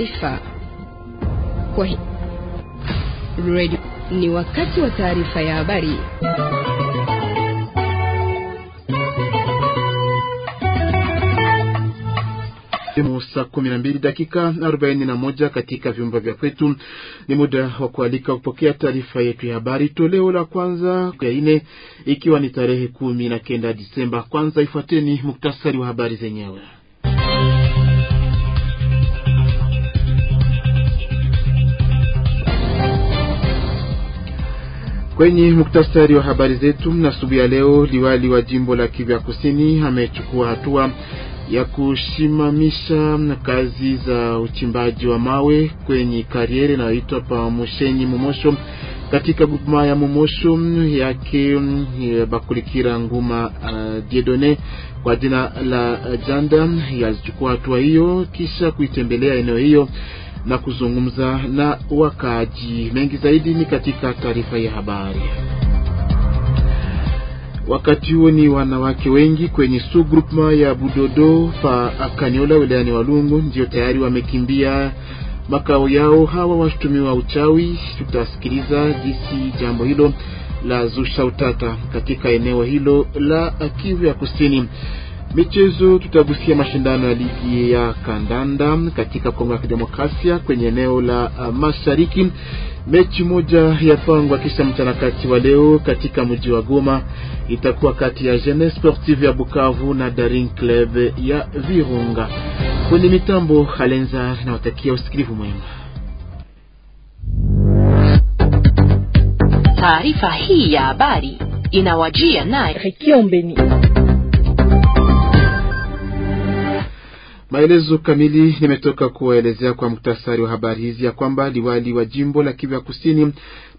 taarifa. Kwa hiyo ni wakati wa taarifa ya habari. Saa kumi na mbili dakika arobaini na moja katika vyumba vya kwetu, ni muda wa kualika kupokea taarifa yetu ya habari, toleo la kwanza ya ine, ikiwa ni tarehe kumi na kenda Disemba. Kwanza ifuateni muktasari wa habari zenyewe. Kwenye muktasari wa habari zetu na asubuhi ya leo, liwali wa jimbo la Kivu ya Kusini amechukua hatua ya kusimamisha kazi za uchimbaji wa mawe kwenye kariere inayoitwa pa Mushenyi Mumosho katika gubma ya Mumosho yake ya Bakulikira Nguma uh, Diedone kwa jina la Janda. Yalichukua hatua hiyo kisha kuitembelea eneo hiyo na kuzungumza na wakaaji. Mengi zaidi ni katika taarifa ya habari. Wakati huo ni wanawake wengi kwenye su ya Budodo pa Akanyola wilayani Walungu ndio tayari wamekimbia makao yao. Hawa washutumiwa uchawi, tutasikiliza jinsi jambo hilo la zusha utata katika eneo hilo la Kivu ya Kusini. Michezo, tutagusia mashindano ya ligi ya kandanda katika Kongo ya Kidemokrasia kwenye eneo la uh, mashariki. Mechi moja yapangwa kisha mchana kati wa leo katika mji wa Goma, itakuwa kati ya Jeunesse Sportive ya Bukavu na Daring Club ya Virunga. Kwenye mitambo Halenza, nawatakia usikilivu mwema. Taarifa hii ya habari inawajia naye Maelezo kamili nimetoka kuwaelezea kwa muktasari wa habari hizi ya kwamba liwali wa jimbo la Kivu ya Kusini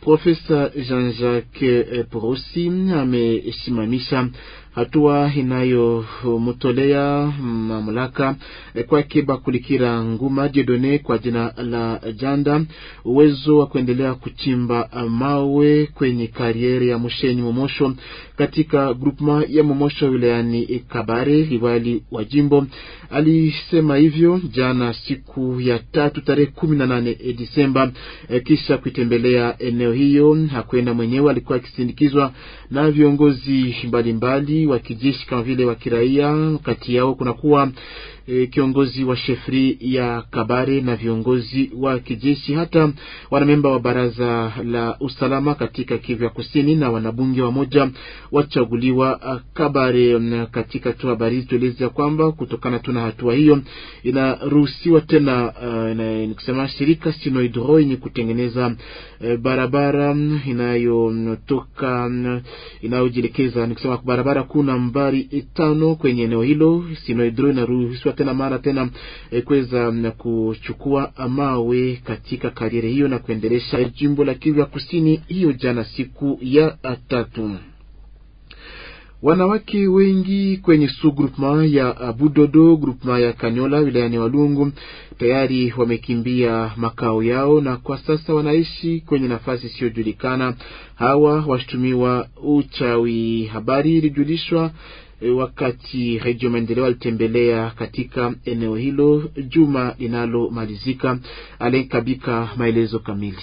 Profesa Jean-Jacques Purusi amesimamisha hatua inayomtolea mamlaka eh, kwake Bakulikira Nguma Jedone kwa jina la Janda uwezo wa kuendelea kuchimba mawe kwenye kariere ya Mushenyi Momosho katika grupma ya Momosho wilayani Kabare. Liwali wa jimbo alisema hivyo jana siku ya tatu tarehe kumi na nane eh, Disemba eh, kisha kuitembelea eneo hiyo. Hakwenda mwenyewe, alikuwa akisindikizwa na viongozi mbalimbali wa kijeshi kama vile wa kiraia, kati yao kunakuwa e, kiongozi wa shefri ya Kabare na viongozi wa kijeshi hata wanamemba wa baraza la usalama katika Kivu ya Kusini na wanabunge wamoja wachaguliwa Kabare. Katika tu habari tueleza kwamba kutokana tu na hatua hiyo inaruhusiwa tena uh, shirika Sinoidro yenye kutengeneza e, barabara inayotoka inayojielekeza nikusema barabara kuu nambari tano kwenye eneo hilo Sinoidro inaruhusiwa tena mara tena e, kuweza mm, kuchukua mawe katika kariere hiyo na kuendelesha jimbo la Kivu ya Kusini hiyo jana siku ya ah, tatu. Wanawake wengi kwenye su groupement ya ah, Budodo groupement ya Kanyola wilayani Walungu tayari wamekimbia makao yao na kwa sasa wanaishi kwenye nafasi isiyojulikana. Hawa washtumiwa uchawi. Habari ilijulishwa Eh, wakati Redio Maendeleo alitembelea katika eneo hilo juma linalomalizika. Alenkabika maelezo kamili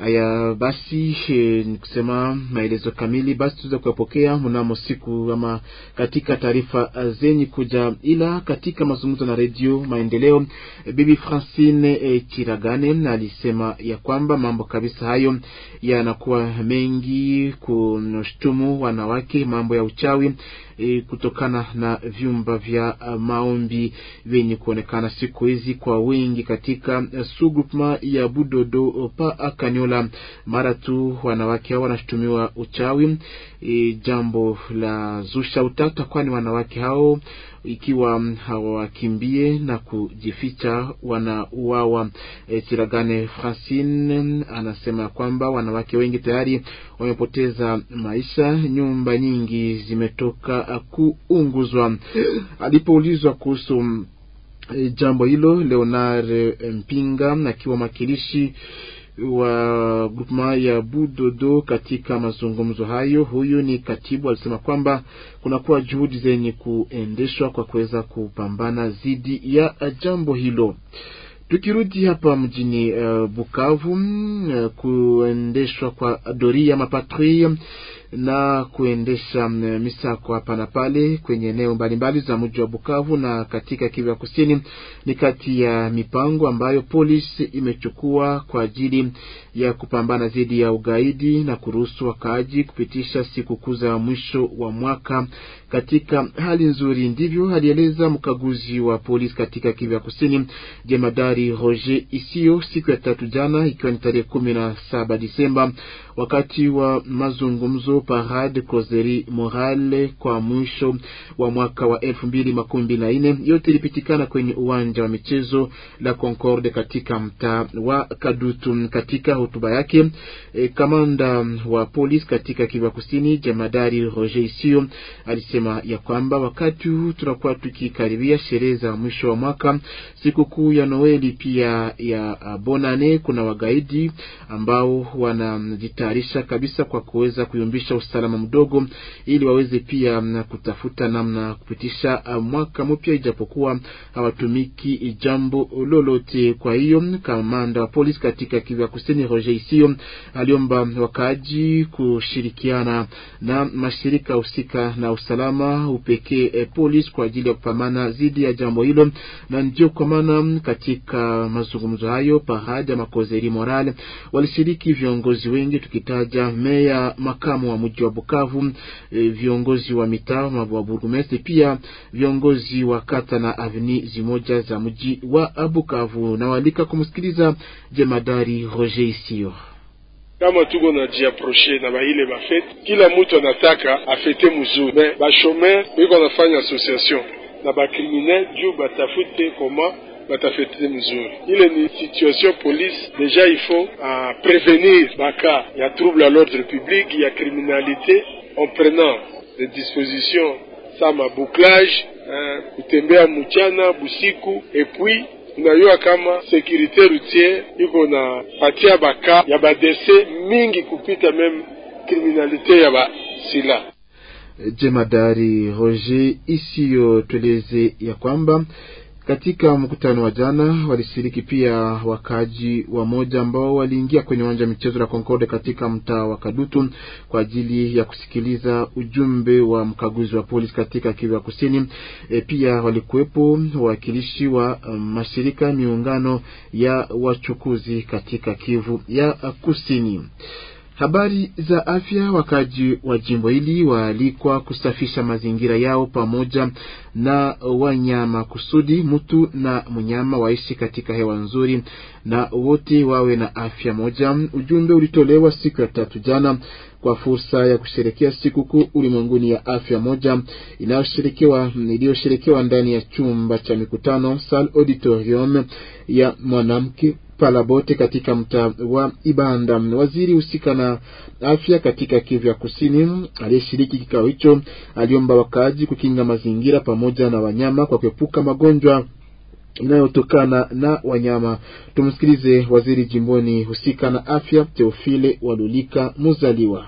Haya basi, eh, ni kusema maelezo kamili basi tuweza kuyapokea mnamo siku ama katika taarifa eh, zenye kuja, ila katika mazungumzo na redio Maendeleo eh, bibi Francine e, Chiragane alisema ya kwamba mambo kabisa hayo yanakuwa mengi, kushtumu wanawake mambo ya uchawi e, kutokana na vyumba vya maombi vyenye kuonekana siku hizi kwa wingi katika sugupma ya Budodo pa Akanyola. Mara tu wanawake hao wanashutumiwa uchawi e, jambo la zusha utata, kwani wanawake hao ikiwa hawakimbie na kujificha wanauawa. E, Chiragane Francine anasema kwamba wanawake wengi tayari wamepoteza maisha, nyumba nyingi zimetoka kuunguzwa. Alipoulizwa kuhusu e, jambo hilo, Leonard Mpinga akiwa mwakilishi wa grupma ya Budodo katika mazungumzo hayo. Huyu ni katibu, alisema kwamba kunakuwa juhudi zenye kuendeshwa kwa kuweza kupambana dhidi ya jambo hilo. Tukirudi hapa mjini uh, Bukavu, uh, kuendeshwa kwa doria mapatrie na kuendesha mm, misako hapa na pale kwenye eneo mbalimbali za mji wa Bukavu na katika Kivu ya Kusini. Ni kati ya mipango ambayo polisi imechukua kwa ajili ya kupambana dhidi ya ugaidi na kuruhusu wakaaji kupitisha sikukuu za mwisho wa mwaka katika hali nzuri. Ndivyo alieleza mkaguzi wa polisi katika Kivu ya Kusini, jemadari Roger Isio, siku ya tatu jana, ikiwa ni tarehe kumi na saba Disemba, wakati wa mazungumzo Mwisho Parade Causerie Morale kwa mwisho wa mwaka wa elfu mbili makumi mbili na nne yote ilipitikana kwenye uwanja wa michezo la Concorde katika mtaa wa Kadutu. Katika hotuba yake e, kamanda wa polisi katika Kivu Kusini Jemadari Roger Isio alisema ya kwamba wakati huu tunakuwa tukikaribia sherehe za mwisho wa mwaka, sikukuu ya Noeli pia ya ah, Bonane, kuna wagaidi ambao wanajitayarisha kabisa kwa kuweza kuyumbisha kuhakikisha usalama mdogo, ili waweze pia mm, kutafuta namna kupitisha uh, mwaka mpya, ijapokuwa hawatumiki jambo lolote. Kwa hiyo mm, kamanda wa polisi katika Kivu Kusini Roger Isio aliomba wakaaji kushirikiana na mashirika husika na usalama upekee e, polisi kwa ajili ya kupambana dhidi ya jambo hilo, na ndio kwa maana mm, katika mazungumzo hayo pahaja Makozeri Moral walishiriki viongozi wengi, tukitaja meya, makamu wa mji wa Bukavu, e, viongozi wa mitaa wa burgomestre, pia viongozi wa kata na aveni zimoja za mji wa Bukavu. Nawaalika kumsikiliza jemadari Roger Isio kama tuko na jiaproche na baile bafete, kila mtu anataka afete mzuri, me bashomer iko nafanya association na bakriminel juu batafute koma Il mzuri. Ile ni situation police deja ifo euh, a prévenir baka ya trouble à l'ordre public, ya criminalité en prenant des dispositions sama bouclage euh, et puis mchana busiku eu à kama sécurité routière, iko na patia baka ya badese mingi kupita même criminalité ya ba Je Jemadari Roger Ici, Isiyo tueleze ya kwamba Katika mkutano wa jana walishiriki pia wakaji wa moja ambao waliingia kwenye uwanja wa michezo la Concorde katika mtaa wa Kadutu kwa ajili ya kusikiliza ujumbe wa mkaguzi wa polisi katika Kivu ya Kusini. E, pia walikuwepo wawakilishi wa um, mashirika miungano ya wachukuzi katika Kivu ya Kusini. Habari za afya. Wakaji wa jimbo hili waalikwa kusafisha mazingira yao pamoja na wanyama kusudi mtu na mnyama waishi katika hewa nzuri na wote wawe na afya moja. Ujumbe ulitolewa siku ya tatu jana kwa fursa ya kusherekea sikukuu ulimwenguni ya afya moja inayosherekewa iliyosherekewa ndani ya chumba cha mikutano Sal Auditorium ya mwanamke Palabote katika mtaa wa Ibanda. Waziri husika na afya katika Kivu ya Kusini aliyeshiriki kikao hicho aliomba wakaaji kukinga mazingira pamoja na wanyama kwa kuepuka magonjwa inayotokana na wanyama. Tumsikilize waziri jimboni husika na afya Teofile Walulika Muzaliwa.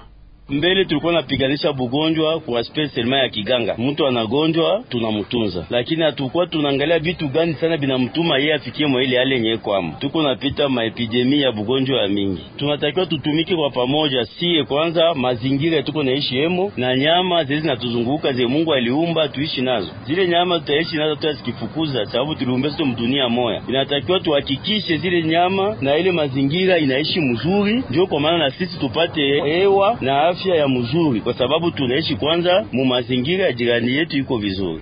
Mbele tulikuwa napiganisha bugonjwa kwa aspect selma ya kiganga, mtu anagonjwa tunamtunza, lakini hatukuwa tunaangalia vitu gani sana binamtuma yeye afikie mwaili ale nye kwamo. Tuko napita maepidemi ya bugonjwa ya mingi, tunatakiwa tutumike kwa pamoja, siye kwanza mazingira tuko naishi hemo na nyama zezi natuzunguka ze Mungu aliumba tuishi nazo, zile nyama tutaishi nazo tutazikifukuza, sababu tuliumbe sote mdunia moya. Inatakiwa tuhakikishe zile nyama na ile mazingira inaishi mzuri, ndio kwa maana na sisi tupate hewa na afya ya mzuri, kwa sababu tunaishi kwanza mu mazingira ya jirani yetu iko vizuri.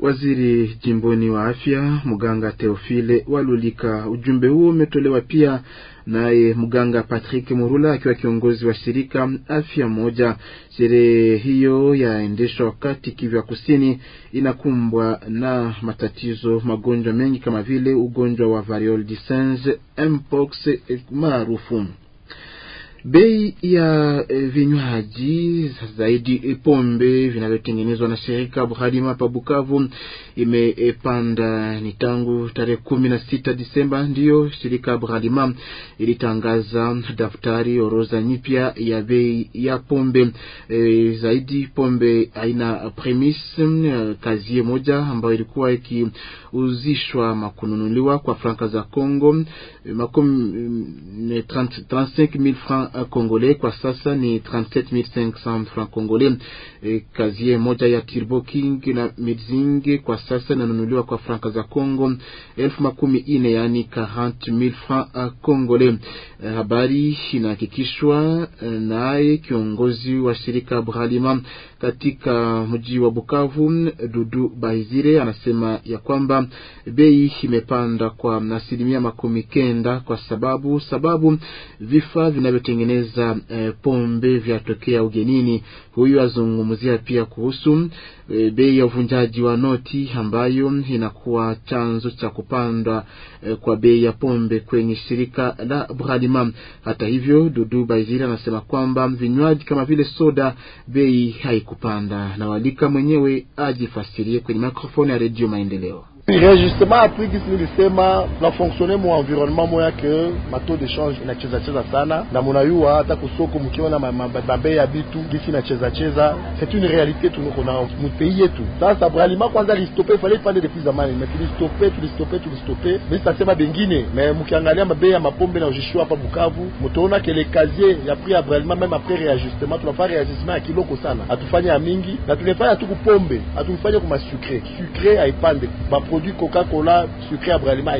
Waziri jimboni wa afya mganga Teofile Walulika. Ujumbe huo umetolewa pia naye mganga Patrick Murula akiwa kiongozi wa shirika afya moja. Sherehe hiyo yaendeshwa wakati Kivu Kusini inakumbwa na matatizo magonjwa mengi kama vile ugonjwa wa variole du singe, mpox maarufu Bei ya e, vinywaji zaidi eh, pombe vinavyotengenezwa na shirika Buhalima pa Bukavu imepanda. E, ni tangu tarehe kumi na sita Disemba ndiyo shirika Buhalima ilitangaza daftari oroza nyipya ya bei ya pombe e, zaidi pombe aina premis kazie moja ambayo ilikuwa ikiuzishwa makununuliwa kwa franka za Kongo 35000 mm, francs congolais kwa sasa ni 37500 francs congolais. E, kazie moja ya Turbo King na Midzing kwa sasa inanunuliwa kwa franka za Kongo elfu makumi ine yaani 40000 francs uh, congolais. E, habari inahakikishwa e, naye kiongozi wa shirika Bralima katika mji wa Bukavu. Dudu Bahizire anasema ya kwamba bei imepanda kwa asilimia makumi kenda kwa sababu sababu vifaa vinavyotengeneza eh, pombe vyatokea ugenini. Huyu azungumzia pia kuhusu e, bei ya uvunjaji wa noti ambayo inakuwa chanzo cha kupanda e, kwa bei ya pombe kwenye shirika la Bralima. Hata hivyo, Dudu Baizira anasema kwamba vinywaji kama vile soda bei haikupanda, na walika mwenyewe ajifasirie kwenye mikrofoni ya Redio Maendeleo. Justement après gisi la fonctionner mon environnement moya d'échange mato de change inacheza cheza sana na munayua, ah, hata kusoko mkiona mabei ya bitu gisi inacheza cheza, c'est une réalité realite tunakona mupei yetu. Sasa bralima kwanza listope fale pande depuis zamani, mais tulistope tulistope tulistope misasema bengine me, mukiangalia mabei ya mapombe na ujishu hapa Bukavu mutaona ke le kazie ya pri ya bralima meme apres reajustement, tunafanya reajustement ya kiloko sana, hatufanya ya mingi na tunefanya tu kupombe, hatumfanya kumasukre sukre ba produit Coca-Cola sucré qui Bralima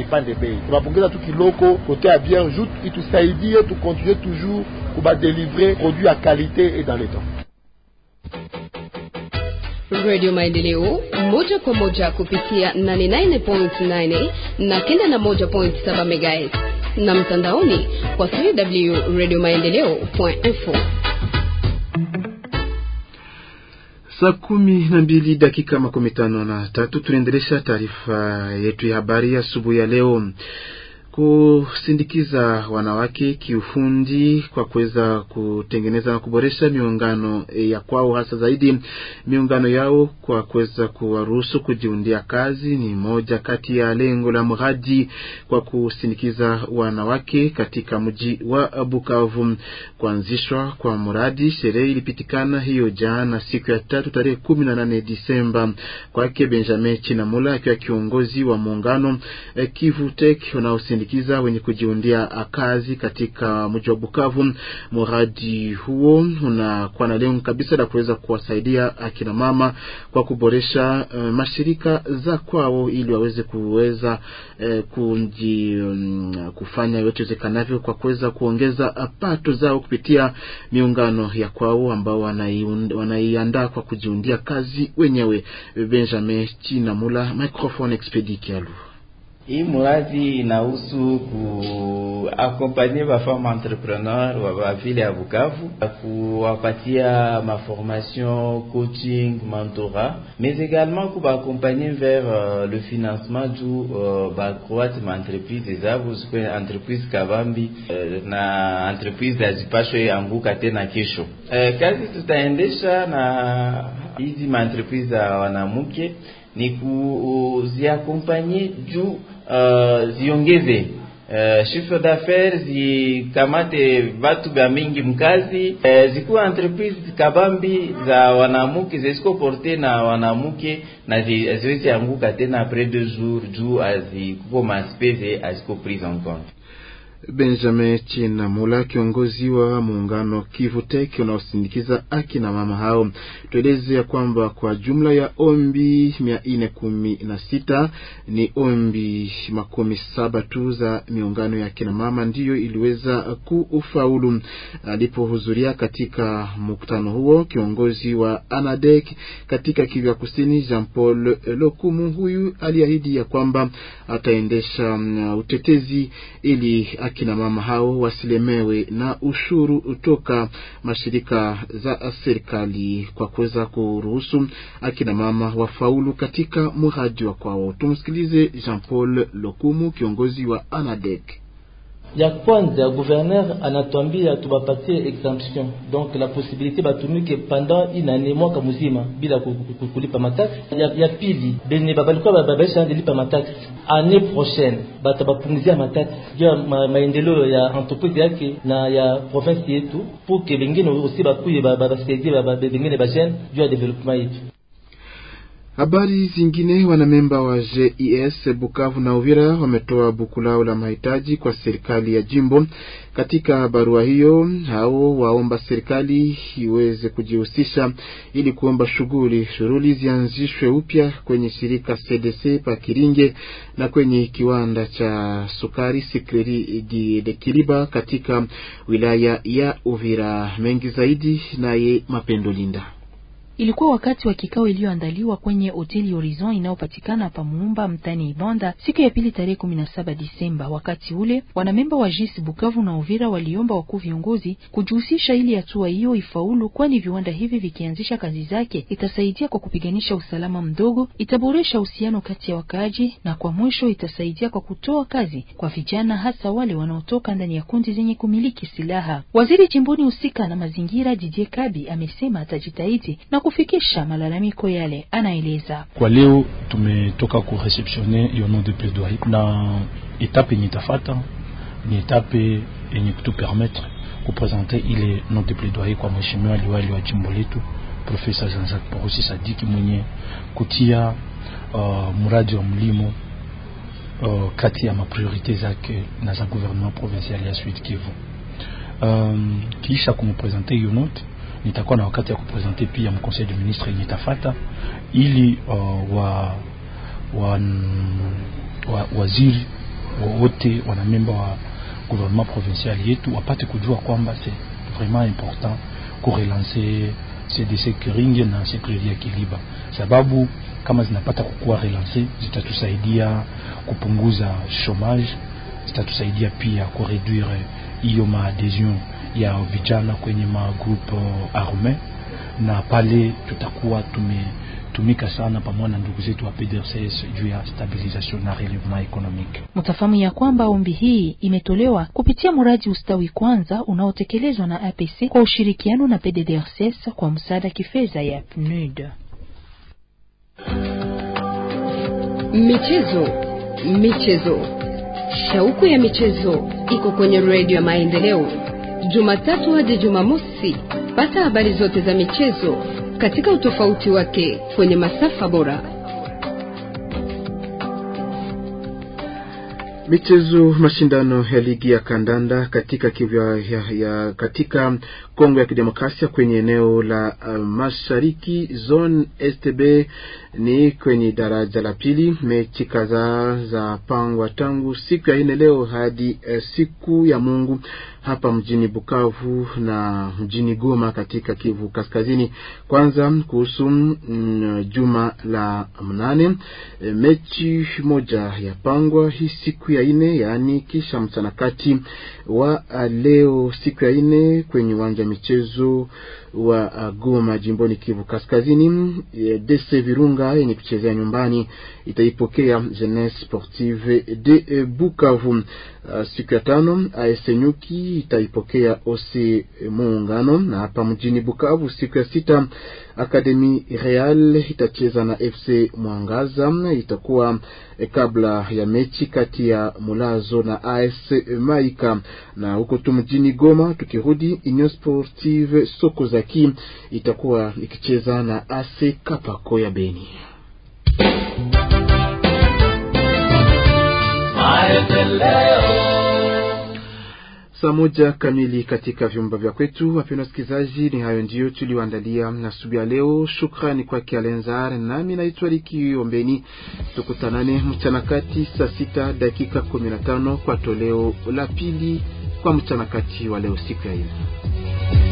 côté à bien, tu et tout ça, biere hein, jute tout continuer toujours bah, délivrer produits à qualité et dans les temps. Radio Maendeleo moja kwa moja kupitia 89.9 na 91.7 MHz na mtandaoni kwa www.radiomaendeleo.info. Saa kumi na mbili dakika makumi tano na tatu tunaendelesha taarifa yetu ya habari asubuhi ya, ya leo kusindikiza wanawake kiufundi kwa kuweza kutengeneza na kuboresha miungano e, ya kwao, hasa zaidi miungano yao kwa kuweza kuwaruhusu kujiundia kazi, ni moja kati ya lengo la mradi kwa kusindikiza wanawake katika mji wa Bukavu. Kuanzishwa kwa mradi, sherehe ilipitikana hiyo jana siku ya tatu tarehe kumi na nane Disemba. Kwake Benjamin Chinamula akiwa kiongozi wa muungano e, Kivutek unaosindikiza kusindikiza wenye kujiundia kazi katika mji wa Bukavu. Mradi huo unakuwa na lengo kabisa la kuweza kuwasaidia akina mama kwa kuboresha uh, mashirika za kwao ili waweze kuweza uh, eh, kunji, um, mm, kufanya yote wezekanavyo kwa kuweza kuongeza pato zao kupitia miungano ya kwao ambao wanaiandaa kwa kujiundia kazi wenyewe. Benjamin Chinamula, microphone expedi Kialu. Hii muradi inahusu kuakompanye bafama entrepreneur wa vile ya Bukavu, kuwapatia formation, coaching, mentorat, mais également kubaakompanye vers euh, le financement juu uh, bakroate maentreprise zabo zikuwe entreprise Kavambi uh, na entreprise azipashwe anguka tena kesho. Uh, kazi tutaendesha na hizi maentreprise za wanamke ni kuziakompanye euh, juu uh, ziongeze Uh, chiffre d'affaires zikamate batu ba mingi mkazi uh, zikuwa entreprise kabambi za wanamuke zesiko porte na wanamuke na ziwezi anguka tena apres deux jours juu azikuko maspeze aziko prise en compte Benjamin Chinamula, kiongozi wa muungano Kivutek unaosindikiza na mama hao, tueleze ya kwamba kwa jumla ya ombi mia nne kumi na sita ni ombi makumi saba tu za miungano ya kina mama ndiyo iliweza kuufaulu. Alipohudhuria katika mkutano huo, kiongozi wa ANADEC katika Kivu Kusini Jean Paul Lokumu, huyu aliahidi ya kwamba ataendesha mm, utetezi ili kina mama hao wasilemewe na ushuru utoka mashirika za serikali kwa kuweza kuruhusu akina mama wafaulu katika mradi wa kwao. Tumsikilize Jean Paul Lokumu, kiongozi wa ANADEC. ya kwanza ya gouverneur anatuambia tuwapatie exemption donc la possibilité batumike pendant inane mwaka mzima bila kulipa mataxi. Ya, ya pili benye balikuwa babaisha lipa mataxi année prochaine batabapunguzia mataxi juu ya ma, maendeleo ya entreprise yake na ya province yetu, pour que bengine aussi bakuye babasaidie bengine bajene juu ya développement yetu. Habari zingine, wanamemba wa JES Bukavu na Uvira wametoa buku lao la mahitaji kwa serikali ya jimbo. Katika barua hiyo, hao waomba serikali iweze kujihusisha ili kuomba shughuli shughuli zianzishwe upya kwenye shirika CDC pa Kiringe na kwenye kiwanda cha sukari Sikiri de Kiliba katika wilaya ya Uvira. Mengi zaidi naye Mapendo Linda. Ilikuwa wakati wa kikao iliyoandaliwa kwenye hoteli Horizon inayopatikana pa Muumba mtani Ibanda siku ya pili tarehe 17 Disemba. Wakati ule wanamemba wa JIS Bukavu na Uvira waliomba wakuu viongozi kujihusisha ili hatua hiyo ifaulu, kwani viwanda hivi vikianzisha kazi zake itasaidia kwa kupiganisha usalama mdogo, itaboresha uhusiano kati ya wakaaji na kwa mwisho itasaidia kwa kutoa kazi kwa vijana, hasa wale wanaotoka ndani ya kundi zenye kumiliki silaha. Waziri jimboni husika na mazingira Didier Kabi amesema atajitahidi na kufikisha malalamiko yale, anaeleza. Kwa leo tumetoka kuresepsione yo nom de plaidoyer, na etape yenye itafata ni etape yenye kutupermetre kuprezente ile nom de plaidoyer kwa mheshimiwa liwali wa jimbo letu Profesa Jean-Jacques Porosi Sadiki mwenye kutia uh, mradi wa mlimo uh, kati ya mapriorite zake na za gouvernement provincial ya Sud Kivu. Um, euh, kiisha kumprezente hiyo note nitakuwa na wakati ya kuprezente pia mkonseil de ministre yenye itafata ili uh, wa, wa, wa, waziri wote wanamemba wa gouvernement provincial yetu wapate kujua kwamba c'est vraiment important kurelanse CDC Kering na sekretari ya Kiliba, sababu kama zinapata kukuwa relance zitatusaidia kupunguza chomage, zitatusaidia pia kureduire hiyo maadhesion ya vijana kwenye magrupu arme, na pale tutakuwa tumetumika sana pamoja na ndugu zetu wa PDRCS juu ya stabilization na relevement economique. Mtafahamu ya kwamba ombi hii imetolewa kupitia mradi ustawi kwanza unaotekelezwa na APC kwa ushirikiano na PDDRCS kwa msaada kifedha ya PNUD. E michezo, michezo, shauku ya michezo iko kwenye redio ya Maendeleo Jumatatu hadi Jumamosi. Pata habari zote za michezo katika utofauti wake kwenye masafa bora. Michezo mashindano ya ligi ya kandanda katika kivya ya, ya, katika Kongo ya Kidemokrasia kwenye eneo la uh, Mashariki zone STB ni kwenye daraja la pili. Mechi kadhaa za pangwa tangu siku ya ine leo hadi eh, siku ya Mungu hapa mjini Bukavu na mjini Goma katika Kivu Kaskazini. Kwanza kuhusu mm, juma la mnane, eh, mechi moja ya pangwa hii siku ya ine yaani kisha mchana kati wa uh, leo siku ya ine kwenye uwanja wa michezo wa uh, Goma jimboni Kivu Kaskazini. E, DC Virunga yenye kuchezea nyumbani itaipokea Jeunesse Sportive de e, Bukavu. Uh, siku ya tano AS Nyuki itaipokea OSE Muungano, na hapa mjini Bukavu siku ya sita Akademi Real itacheza na FC Mwangaza. Itakuwa e, kabla ya mechi kati ya Mulazo na AS Maika. Na huko tu mjini Goma tukirudi, Union Sportive soko za Mashariki itakuwa ikicheza na AS Kapako ya Beni. Saa moja kamili katika vyumba vya kwetu. Wapenda wasikilizaji, ni hayo ndiyo tulioandalia na asubuhi ya leo. Shukrani kwake Alenzar, nami naitwa Riki Ombeni. Tukutanane mchana kati saa sita dakika kumi na tano kwa toleo la pili kwa mchana kati wa leo siku ya ine.